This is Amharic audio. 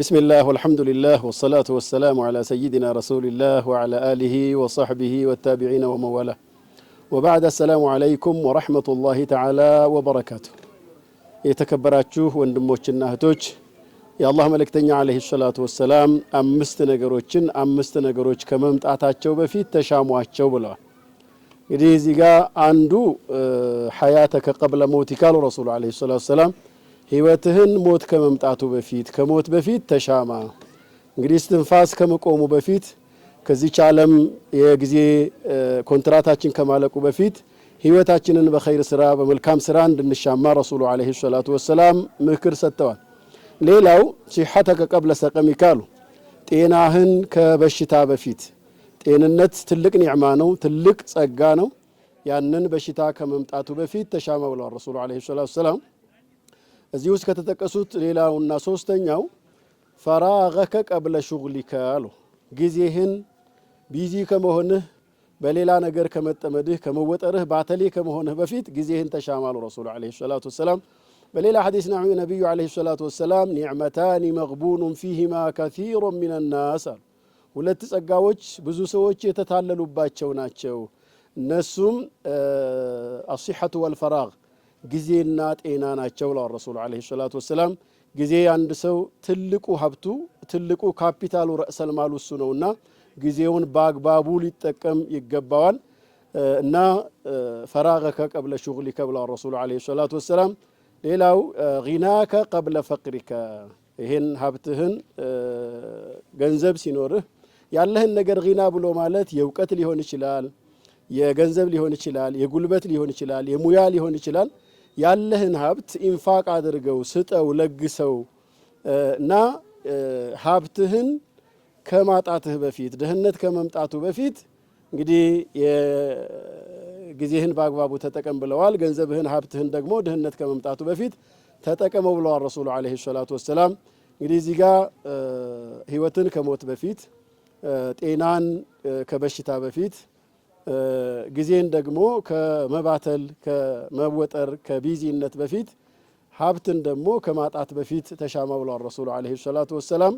ቢስሚላህ ወልሐምዱሊላህ ወሰላቱ ወሰላሙ ዓላ ሰይድና ረሱሊላህ ወዓላ አሊሂ ወሰሕቢሂ ወታቢዒና ወመዋላ ወባዕድ። አሰላሙ ዓለይኩም ወረሕመቱላሂ ተዓላ ወበረካቱ። የተከበራችሁ ወንድሞችና እህቶች የአላህ መልእክተኛ ዓለይሂ ሰላቱ ወሰላም አምስት ነገሮችን አምስት ነገሮች ከመምጣታቸው በፊት ተሻሟቸው ብለዋል። እንግዲህ እዚህ ጋር አንዱ ሐያተከ ቀብለ መውቲካ አሉ ረሱሉ ዓለይሂ ሰላቱ ወሰላም ህይወትህን ሞት ከመምጣቱ በፊት ከሞት በፊት ተሻማ። እንግዲህ እስትንፋስ ከመቆሙ በፊት ከዚች ዓለም የጊዜ ኮንትራታችን ከማለቁ በፊት ህይወታችንን በኸይር ስራ በመልካም ስራ እንድንሻማ ረሱሉ ዓለይሂ ሰላቱ ወሰላም ምክር ሰጥተዋል። ሌላው ሲሐተከ ቀብለ ሰቀሚካ አሉ። ጤናህን ከበሽታ በፊት ጤንነት ትልቅ ኒዕማ ነው፣ ትልቅ ጸጋ ነው። ያንን በሽታ ከመምጣቱ በፊት ተሻማ ብለዋል ረሱሉ ዓለይሂ ሰላቱ ወሰላም። እዚህ ውስጥ ከተጠቀሱት ሌላውና ሶስተኛው ፈራገከ ቀብለ ሹግሊከ አሉ። ጊዜህን ቢዚ ከመሆንህ በሌላ ነገር ከመጠመድህ ከመወጠርህ ባተሌ ከመሆንህ በፊት ጊዜህን ተሻማሉ ረሱሉ ዓለይሂ ሰላቱ ወሰላም። በሌላ ሐዲስ ና ነቢዩ ዓለይሂ ሰላቱ ወሰላም ኒዕመታኒ መግቡኑን ፊሂማ ከሲሩ ሚን አሉ። ሁለት ጸጋዎች ብዙ ሰዎች የተታለሉባቸው ናቸው። እነሱም አሲሐቱ ወልፈራግ ጊዜና ጤና ናቸው ብለዋል ረሱሉ ዓለይሂ ሰላቱ ወሰላም። ጊዜ አንድ ሰው ትልቁ ሀብቱ ትልቁ ካፒታሉ ረእሰል ማሉ እሱ ነውና ጊዜውን በአግባቡ ሊጠቀም ይገባዋል እና ፈራገከ ቀብለ ሹግሊከ ብለዋል ረሱሉ ዓለይሂ ሰላቱ ወሰላም። ሌላው ጊናከ ቀብለ ፈቅሪከ፣ ይሄን ሀብትህን ገንዘብ ሲኖርህ ያለህን ነገር ጊና ብሎ ማለት የእውቀት ሊሆን ይችላል፣ የገንዘብ ሊሆን ይችላል፣ የጉልበት ሊሆን ይችላል፣ የሙያ ሊሆን ይችላል ያለህን ሀብት ኢንፋቅ አድርገው ስጠው፣ ለግሰው እና ሀብትህን ከማጣትህ በፊት ደህንነት ከመምጣቱ በፊት እንግዲህ ጊዜህን በአግባቡ ተጠቀም ብለዋል። ገንዘብህን ሀብትህን ደግሞ ድህነት ከመምጣቱ በፊት ተጠቀመው ብለዋል ረሱሉ ዓለይሂ ሰላቱ ወሰላም። እንግዲህ እዚህ ጋ ህይወትን ከሞት በፊት ጤናን ከበሽታ በፊት ጊዜን ደግሞ ከመባተል ከመወጠር ከቢዚነት በፊት ሀብትን ደግሞ ከማጣት በፊት ተሻማ ብሏል ረሱሉ ዓለይሂ ሰላቱ ወሰላም።